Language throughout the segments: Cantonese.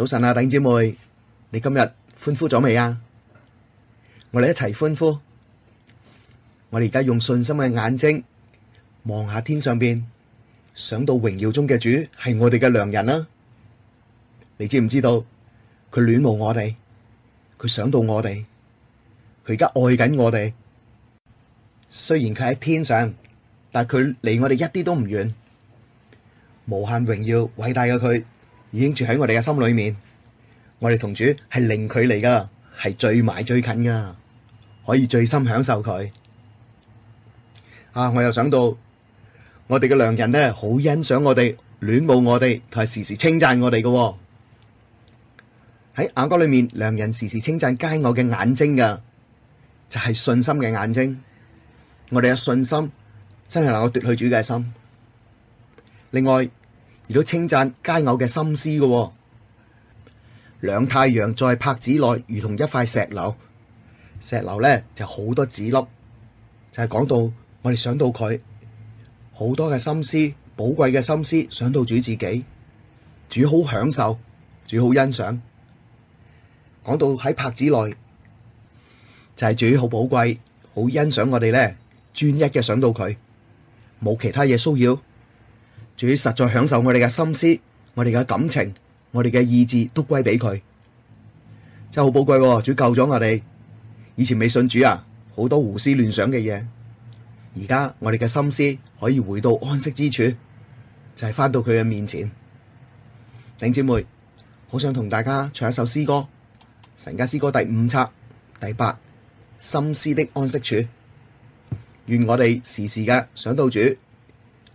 早晨啊，弟兄姊妹，你今日歡呼咗未啊？我哋一齊歡呼！我哋而家用信心嘅眼睛望下天上邊，想到榮耀中嘅主係我哋嘅良人啦。你知唔知道佢戀慕我哋？佢想到我哋，佢而家愛緊我哋。雖然佢喺天上，但佢離我哋一啲都唔遠。無限榮耀偉大嘅佢。已經住喺我哋嘅心裏面，我哋同主係零距離噶，係最埋最近噶，可以最深享受佢。啊！我又想到，我哋嘅良人咧，好欣賞我哋，戀慕我哋，同埋時時稱讚我哋嘅。喺眼光裏面，良人時時稱讚皆我嘅眼睛噶，就係信心嘅眼睛。我哋有信心，真係能夠奪去主嘅心。另外。而都稱讚佳偶嘅心思嘅、哦，兩太陽在帕子內，如同一塊石榴，石榴咧就好、是、多籽粒，就係、是、講到我哋想到佢好多嘅心思，寶貴嘅心思想到主自己，主好享受，主好欣賞，講到喺帕子內就係、是、主好寶貴，好欣賞我哋咧專一嘅想到佢，冇其他嘢騷擾。主實在享受我哋嘅心思，我哋嘅感情，我哋嘅意志，都歸俾佢，真係好寶貴。主救咗我哋，以前未信主啊，好多胡思亂想嘅嘢，而家我哋嘅心思可以回到安息之處，就係、是、翻到佢嘅面前。弟兄姊妹，好想同大家唱一首詩歌《神家詩歌》第五冊第八《心思的安息處》，願我哋時時嘅想到主，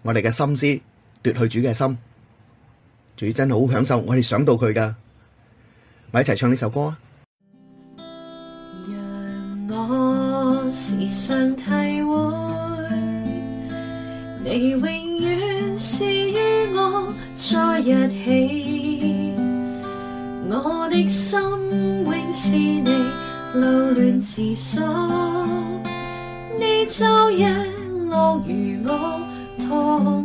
我哋嘅心思。奪去主嘅心，最真好享受，我哋想到佢噶，咪一齊唱呢首歌啊！讓我時常體會，你永遠是與我在一起，我的心永是你流亂自所。你晝夜落如我同。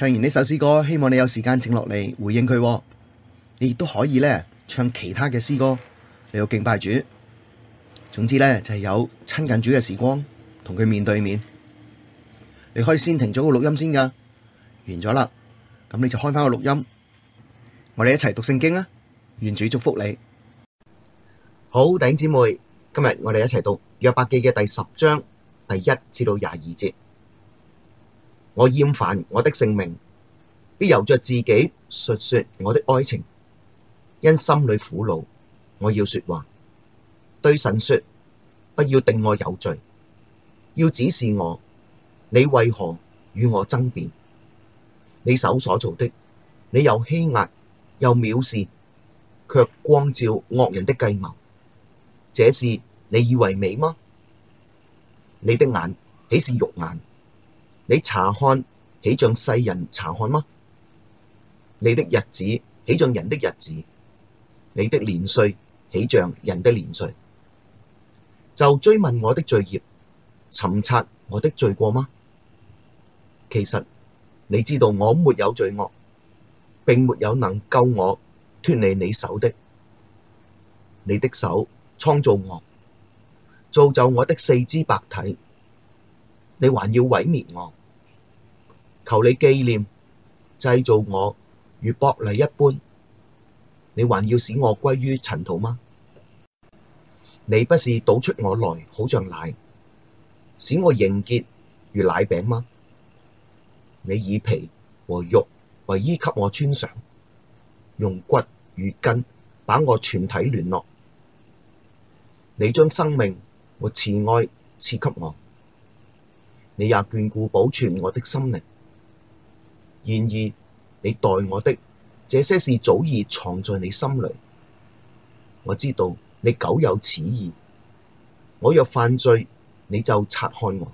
唱完呢首詩歌，希望你有時間靜落嚟回應佢。你亦都可以咧唱其他嘅詩歌，你要敬拜主。總之咧就係有親近主嘅時光，同佢面對面。你可以先停咗個錄音先噶，完咗啦，咁你就開翻個錄音，我哋一齊讀聖經啊！願主祝福你。好，弟兄姊妹，今日我哋一齊讀約伯記嘅第十章第一至到廿二節。我厭煩我的性命，必由着自己述說我的哀情。因心裏苦惱，我要說話，對神說：不要定我有罪，要指示我。你為何與我爭辯？你手所造的，你又欺壓又藐視，却光照惡人的計謀。這事你以為美嗎？你的眼豈是肉眼？你查看豈像世人查看嗎？你的日子豈像人的日子，你的年歲豈像人的年歲，就追問我的罪孽，尋察我的罪過嗎？其實你知道我沒有罪惡，並沒有能救我脱離你手的。你的手創造我，造就我的四肢百體，你還要毀滅我？求你記念，製造我如摶泥一般，你還要使我歸於塵土嗎？你不是倒出我來，好像奶，使我凝結如奶餅嗎？你以皮和肉為衣，給我穿上，用骨與筋把我全體聯絡。你將生命和慈愛賜給我，你也眷顧保存我的心靈。然而，你待我的這些事早已藏在你心裡。我知道你久有此意。我若犯罪，你就察看我，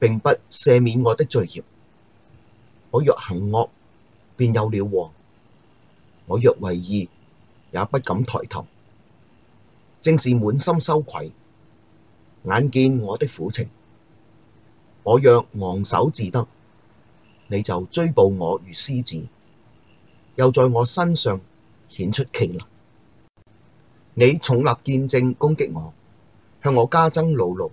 並不赦免我的罪孽。我若行惡，便有了禍。我若為義，也不敢抬頭，正是滿心羞愧，眼見我的苦情。我若昂首自得。你就追捕我如獅子，又在我身上顯出奇能。你重立見證攻擊我，向我加增惱怒，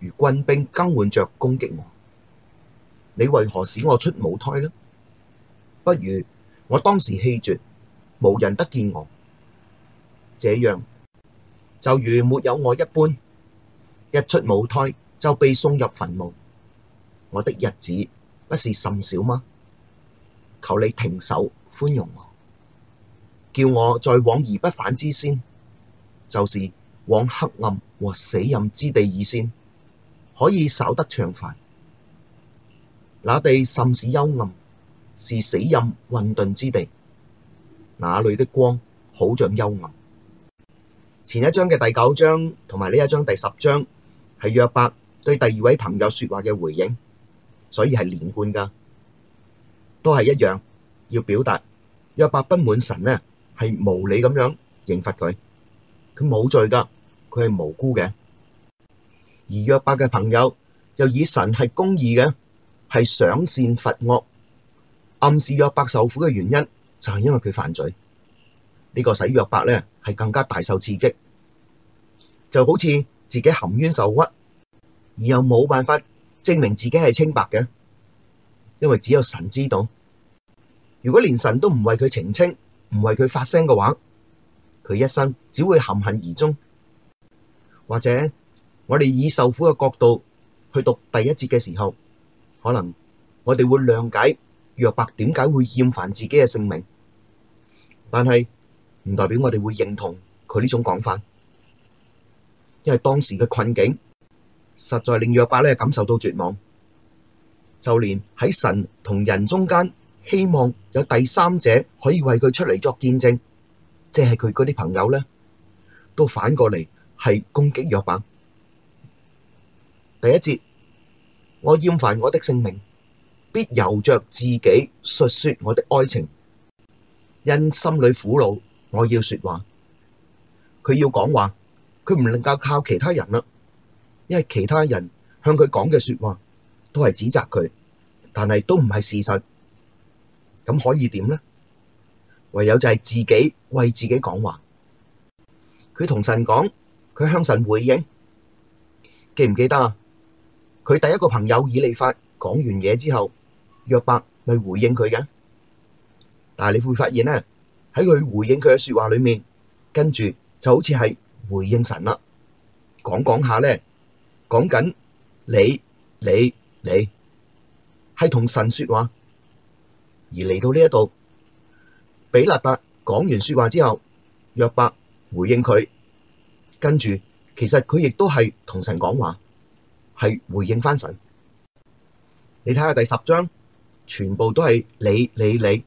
如軍兵更換着攻擊我。你為何使我出母胎呢？不如我當時氣絕，無人得見我，這樣就如沒有我一般。一出母胎就被送入墳墓，我的日子。不是甚少嗎？求你停手，寬容我，叫我在往而不返之先，就是往黑暗和死蔭之地以先，可以稍得暢快。那地甚是幽暗，是死蔭混沌之地，那裡的光好像幽暗。前一章嘅第九章同埋呢一章第十章，係約伯對第二位朋友說話嘅回應。所以係連貫噶，都係一樣要表達。約伯不滿神咧，係無理咁樣刑罰佢，佢冇罪噶，佢係無辜嘅。而約伯嘅朋友又以神係公義嘅，係賞善罰惡，暗示約伯受苦嘅原因就係、是、因為佢犯罪。這個、若呢個使約伯咧係更加大受刺激，就好似自己含冤受屈，而又冇辦法。證明自己係清白嘅，因為只有神知道。如果連神都唔為佢澄清，唔為佢發聲嘅話，佢一生只會含恨而終。或者我哋以受苦嘅角度去讀第一節嘅時候，可能我哋會諒解約伯點解會厭煩自己嘅性命，但係唔代表我哋會認同佢呢種講法，因為當時嘅困境。實在令約伯咧感受到絕望，就連喺神同人中間，希望有第三者可以為佢出嚟作見證，即係佢嗰啲朋友咧，都反過嚟係攻擊約伯。第一節，我厭煩我的性命，必由着自己述說我的哀情，因心裡苦惱，我要說話。佢要講話，佢唔能夠靠其他人啦。因為其他人向佢講嘅說話都係指責佢，但係都唔係事實，咁可以點呢？唯有就係自己為自己講話。佢同神講，佢向神回應，記唔記得啊？佢第一個朋友以利法講完嘢之後，約伯咪回應佢嘅，但係你會發現咧，喺佢回應佢嘅說話裏面，跟住就好似係回應神啦，講講下咧。講緊你、你、你係同神說話，而嚟到呢一度，比勒達講完說話之後，約伯回應佢，跟住其實佢亦都係同神講話，係回應翻神。你睇下第十章，全部都係你、你、你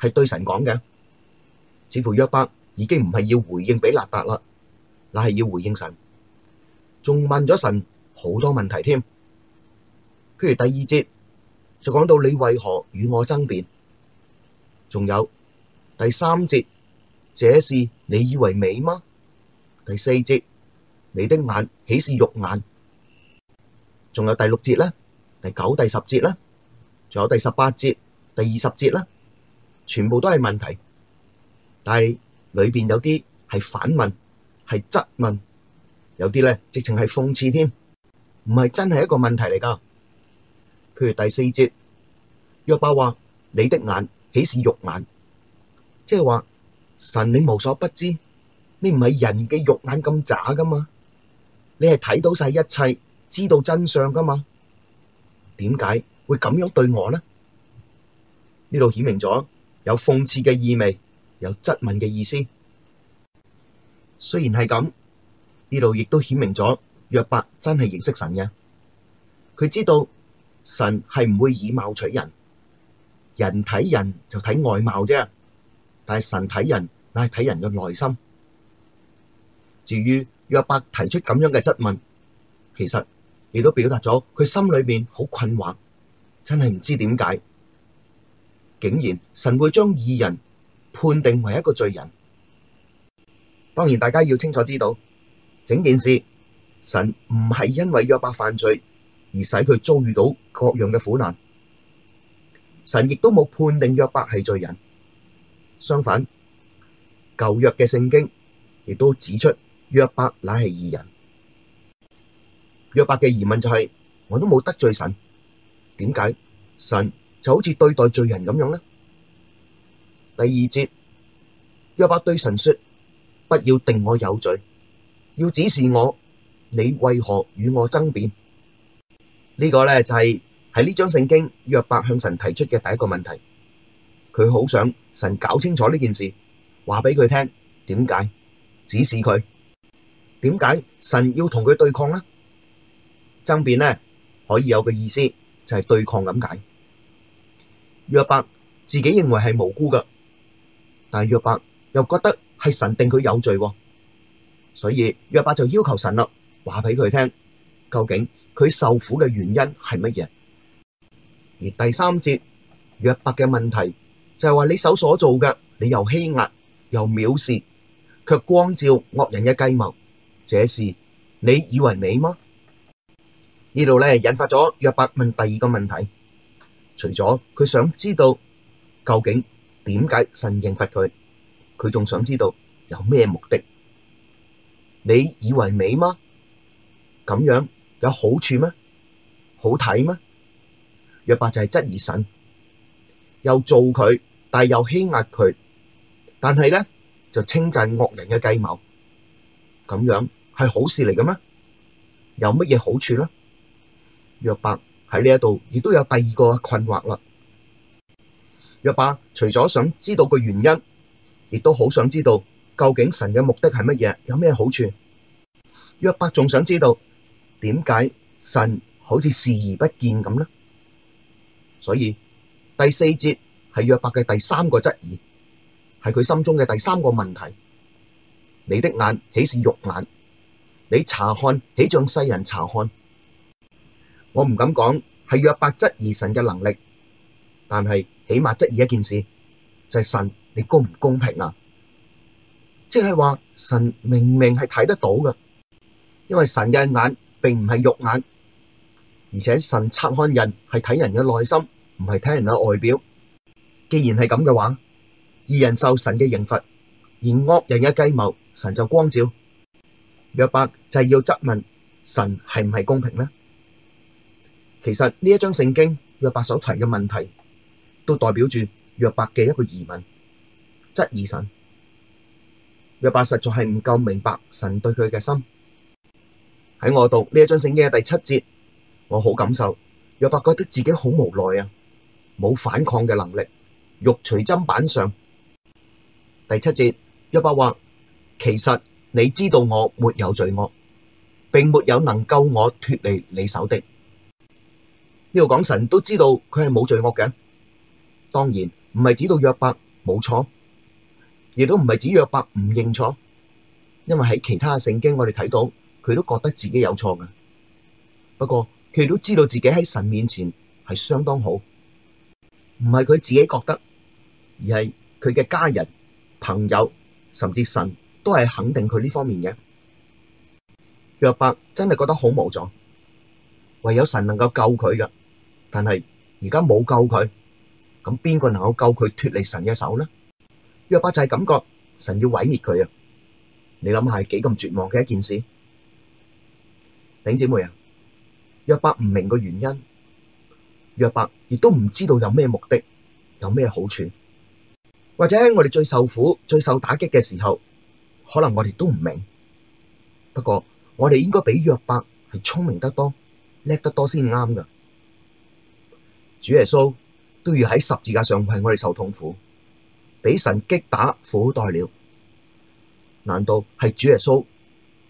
係對神講嘅，似乎約伯已經唔係要回應比勒達啦，乃係要回應神，仲問咗神。好多問題添，譬如第二節就講到你為何與我爭辯，仲有第三節，這事你以為美嗎？第四節，你的眼豈是肉眼？仲有第六節啦、第九、第十節啦，仲有第十八節、第二十節啦，全部都係問題，但係裏邊有啲係反問、係質問，有啲咧直情係諷刺添。唔係真係一個問題嚟噶，譬如第四節，約伯話：你的眼豈是肉眼？即係話神，你無所不知，你唔係人嘅肉眼咁渣噶嘛，你係睇到晒一切，知道真相噶嘛？點解會咁樣對我呢？呢度顯明咗有諷刺嘅意味，有質問嘅意思。雖然係咁，呢度亦都顯明咗。約伯真係認識神嘅，佢知道神係唔會以貌取人，人睇人就睇外貌啫，但係神睇人，乃睇人嘅內心。至於約伯提出咁樣嘅質問，其實亦都表達咗佢心裏面好困惑，真係唔知點解，竟然神會將義人判定為一個罪人。當然，大家要清楚知道整件事。神唔係因為約伯犯罪而使佢遭遇到各樣嘅苦難，神亦都冇判定約伯係罪人。相反，舊約嘅聖經亦都指出約伯乃係義人。約伯嘅疑問就係：我都冇得罪神，點解神就好似對待罪人咁樣呢？第二節，約伯對神說：不要定我有罪，要指示我。你為何與我爭辯？這個、呢個咧就係喺呢張聖經，約伯向神提出嘅第一個問題。佢好想神搞清楚呢件事，話畀佢聽點解，指示佢點解神要同佢對抗咧？爭辯咧可以有個意思就係、是、對抗咁解。約伯自己認為係無辜㗎，但係約伯又覺得係神定佢有罪喎，所以約伯就要求神啦。話畀佢聽，究竟佢受苦嘅原因係乜嘢？而第三節約伯嘅問題就係話，你手所做嘅，你又欺壓又藐視，卻光照惡人嘅計謀，這事你以為美嗎？呢度咧引發咗約伯問第二個問題，除咗佢想知道究竟點解神懲罰佢，佢仲想知道有咩目的？你以為美嗎？咁樣有好處咩？好睇咩？約伯就係質疑神，又做佢，但係又欺壓佢，但係咧就稱讚惡人嘅計謀，咁樣係好事嚟嘅咩？有乜嘢好處咧？約伯喺呢一度亦都有第二個困惑啦。約伯除咗想知道個原因，亦都好想知道究竟神嘅目的係乜嘢，有咩好處？約伯仲想知道。點解神好似視而不見咁呢？所以第四節係約伯嘅第三個質疑，係佢心中嘅第三個問題：你的眼豈是肉眼？你查看豈像世人查看？我唔敢講係約伯質疑神嘅能力，但係起碼質疑一件事，就係、是、神你公唔公平啊？即係話神明明係睇得到噶，因為神嘅眼。並唔係肉眼，而且神察看人係睇人嘅內心，唔係睇人嘅外表。既然係咁嘅話，二人受神嘅刑罰，而惡人嘅計謀，神就光照。約伯就係要質問神係唔係公平呢？其實呢一章聖經約伯所提嘅問題，都代表住約伯嘅一個疑問，質疑神。約伯實在係唔夠明白神對佢嘅心。喺我讀呢一章聖經嘅第七節，我好感受約伯覺得自己好無奈啊，冇反抗嘅能力，肉隨砧板上第七節，約伯話：其實你知道我沒有罪惡，並沒有能救我脱離你手的呢個講神都知道佢係冇罪惡嘅人，當然唔係指到約伯冇錯，亦都唔係指約伯唔認錯，因為喺其他聖經我哋睇到。佢都覺得自己有錯嘅，不過佢都知道自己喺神面前係相當好，唔係佢自己覺得，而係佢嘅家人、朋友甚至神都係肯定佢呢方面嘅。約伯真係覺得好無助，唯有神能夠救佢嘅，但係而家冇救佢，咁邊個能夠救佢脫離神嘅手呢？約伯就係感覺神要毀滅佢啊！你諗下係幾咁絕望嘅一件事。領姐妹啊，約伯唔明個原因，約伯亦都唔知道有咩目的，有咩好處，或者喺我哋最受苦、最受打擊嘅時候，可能我哋都唔明。不過我哋應該比約伯係聰明得多、叻得多先啱噶。主耶穌都要喺十字架上為我哋受痛苦，俾神擊打、苦待了，難道係主耶穌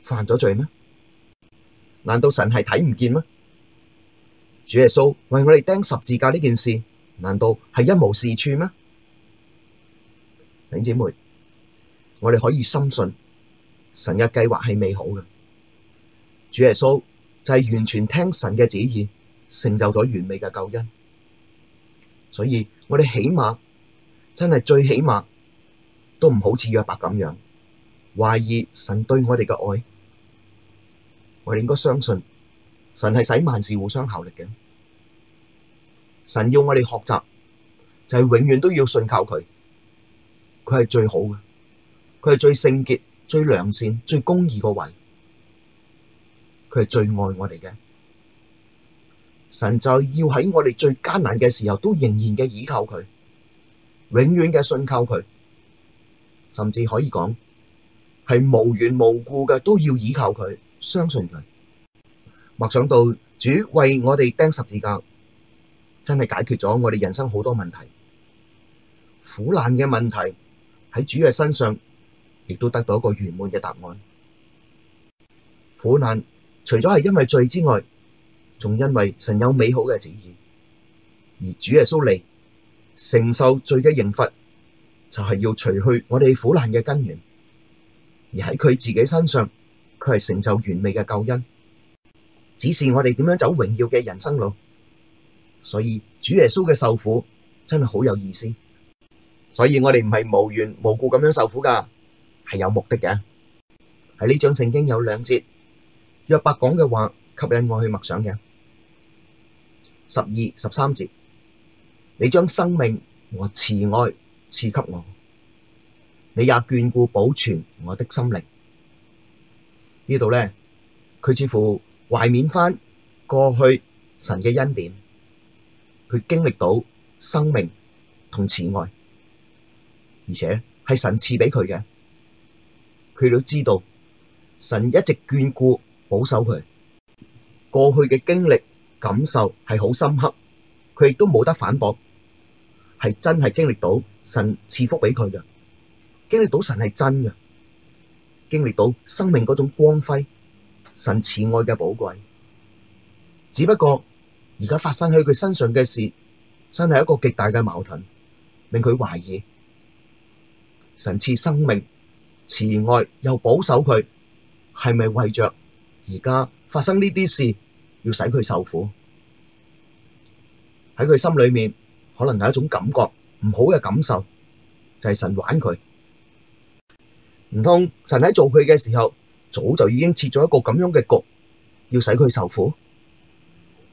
犯咗罪咩？難道神係睇唔見嗎主耶穌為我哋釘十字架呢件事，難道係一無是處嗎？弟兄姊妹，我哋可以深信神嘅計劃係美好嘅。主耶穌就係完全聽神嘅旨意，成就咗完美嘅救恩。所以我哋起碼真係最起碼都唔好似約伯咁樣懷疑神對我哋嘅愛。我哋應該相信神係使萬事互相效力嘅。神要我哋學習就係永遠都要信靠佢，佢係最好嘅，佢係最聖潔、最良善、最公義個位，佢係最愛我哋嘅。神就要喺我哋最艱難嘅時候都仍然嘅倚靠佢，永遠嘅信靠佢，甚至可以講係無緣無故嘅都要倚靠佢。相信佢，默想到主為我哋釘十字架，真係解決咗我哋人生好多問題，苦難嘅問題喺主嘅身上，亦都得到一個圓滿嘅答案。苦難除咗係因為罪之外，仲因為神有美好嘅旨意，而主耶穌利承受罪嘅刑罰，就係、是、要除去我哋苦難嘅根源，而喺佢自己身上。佢係成就完美嘅救恩，指示我哋點樣走榮耀嘅人生路。所以主耶穌嘅受苦真係好有意思。所以我哋唔係無緣無故咁樣受苦噶，係有目的嘅。喺呢章聖經有兩節約伯講嘅話吸引我去默想嘅，十二十三節，你將生命和慈愛賜給我，你也眷顧保存我的心靈。呢度咧，佢似乎懷緬翻過去神嘅恩典，佢經歷到生命同慈愛，而且係神賜畀佢嘅，佢都知道神一直眷顧保守佢，過去嘅經歷感受係好深刻，佢亦都冇得反駁，係真係經歷到神賜福畀佢嘅，經歷到神係真嘅。經歷到生命嗰種光輝，神慈愛嘅寶貴，只不過而家發生喺佢身上嘅事，真係一個極大嘅矛盾，令佢懷疑神賜生命、慈愛又保守佢，係咪為着而家發生呢啲事，要使佢受苦？喺佢心裏面，可能有一種感覺唔好嘅感受，就係神玩佢。唔通神喺做佢嘅時候，早就已經設咗一個咁樣嘅局，要使佢受苦。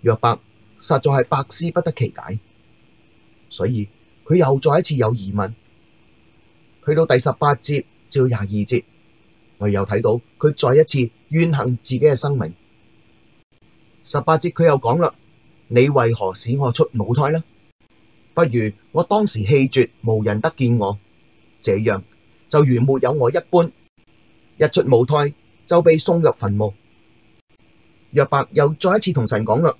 約伯實在係百思不得其解，所以佢又再一次有疑問。去到第十八節至到廿二節，我哋又睇到佢再一次怨恨自己嘅生命。十八節佢又講啦：你為何使我出母胎呢？不如我當時氣絕，無人得見我，這樣。就如沒有我一般，一出母胎，就被送入墳墓。約伯又再一次同神講啦，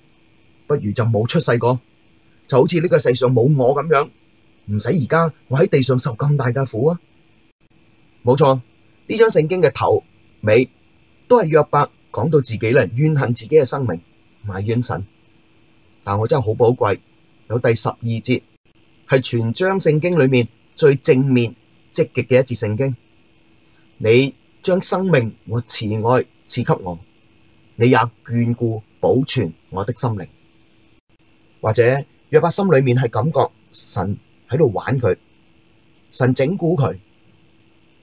不如就冇出世過，就好似呢個世上冇我咁樣，唔使而家我喺地上受咁大嘅苦啊！冇錯，呢張聖經嘅頭尾都係約伯講到自己咧，怨恨自己嘅生命，唔埋怨神。但我真係好寶貴，有第十二節係全章聖經裏面最正面，積極嘅一節聖經，你將生命和慈愛賜給我，你也眷顧保存我的心靈。或者約伯心裡面係感覺神喺度玩佢，神整蠱佢。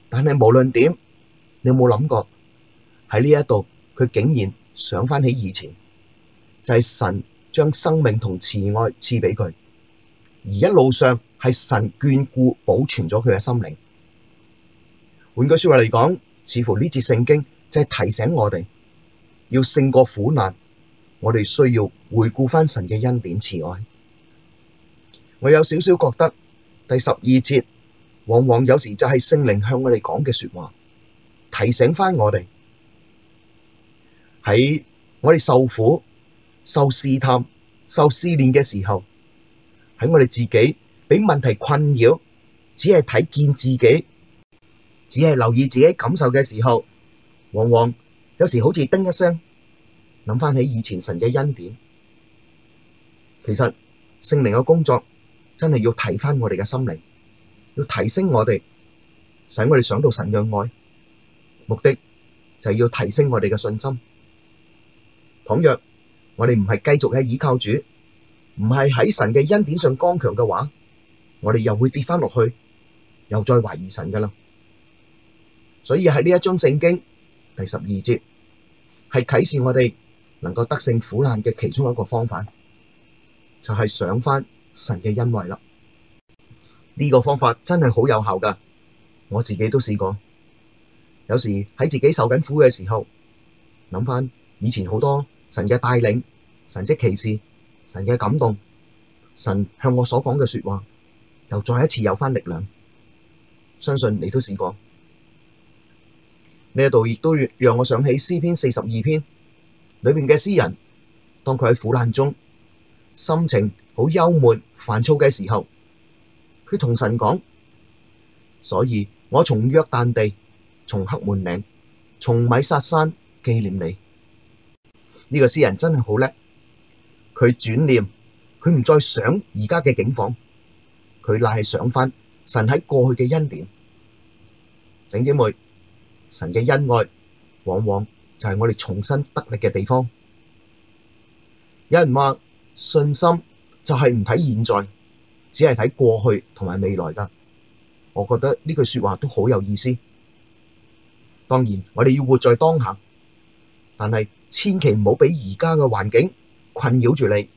但係無論點，你有冇諗過喺呢一度，佢竟然想翻起以前，就係、是、神將生命同慈愛賜畀佢，而一路上係神眷顧保存咗佢嘅心靈。換句說話嚟講，似乎呢節聖經就係提醒我哋要勝過苦難。我哋需要回顧翻神嘅恩典慈愛。我有少少覺得第十二節，往往有時就係聖靈向我哋講嘅說話，提醒翻我哋喺我哋受苦、受試探、受試煉嘅時候，喺我哋自己俾問題困擾，只係睇見自己，只係留意自己感受嘅時候，往往有時好似叮一聲，諗翻起以前神嘅恩典。其實聖靈嘅工作真係要提翻我哋嘅心靈，要提升我哋，使我哋想到神嘅愛。目的就係要提升我哋嘅信心。倘若我哋唔係繼續喺倚靠主，唔係喺神嘅恩典上剛強嘅話，我哋又會跌翻落去，又再懷疑神㗎喇。所以喺呢一章聖經第十二節，係啟示我哋能夠得勝苦難嘅其中一個方法，就係、是、想翻神嘅恩惠啦。呢、這個方法真係好有效噶，我自己都試過。有時喺自己受緊苦嘅時候，諗翻以前好多神嘅帶領、神蹟奇事、神嘅感動、神向我所講嘅說話，又再一次有翻力量。相信你都試過。呢一度亦都讓我想起詩篇四十二篇裡面嘅詩人，當佢喺苦難中，心情好幽悶、煩躁嘅時候，佢同神講，所以我從約旦地，從黑門嶺，從米薩山紀念你。呢個詩人真係好叻，佢轉念，佢唔再想而家嘅境況，佢賴係想翻神喺過去嘅恩典，整姐妹。神嘅恩愛，往往就係我哋重新得力嘅地方。有人話信心就係唔睇現在，只係睇過去同埋未來噶。我覺得呢句說話都好有意思。當然，我哋要活在當下，但係千祈唔好畀而家嘅環境困擾住你，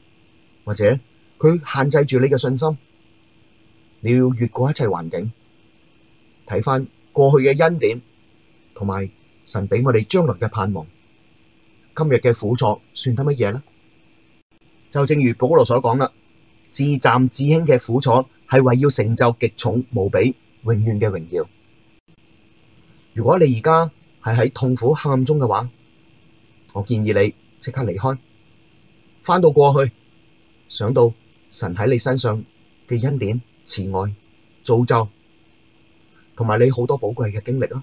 或者佢限制住你嘅信心。你要越過一切環境，睇翻過去嘅恩典。同埋神畀我哋將來嘅盼望，今日嘅苦楚算得乜嘢咧？就正如保羅所講啦，至暫至輕嘅苦楚係為要成就極重無比永遠嘅榮耀。如果你而家係喺痛苦黑暗中嘅話，我建議你即刻離開，返到過去，想到神喺你身上嘅恩典、慈愛、造就，同埋你好多寶貴嘅經歷啦。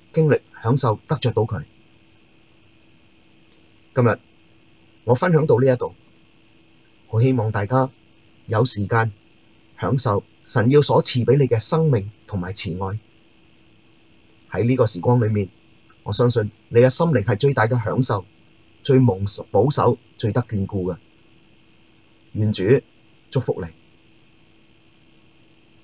經歷、享受、得着到佢。今日我分享到呢一度，我希望大家有時間享受神要所賜畀你嘅生命同埋慈愛。喺呢個時光裏面，我相信你嘅心靈係最大嘅享受，最蒙保守，最得眷顧嘅。願主祝福你。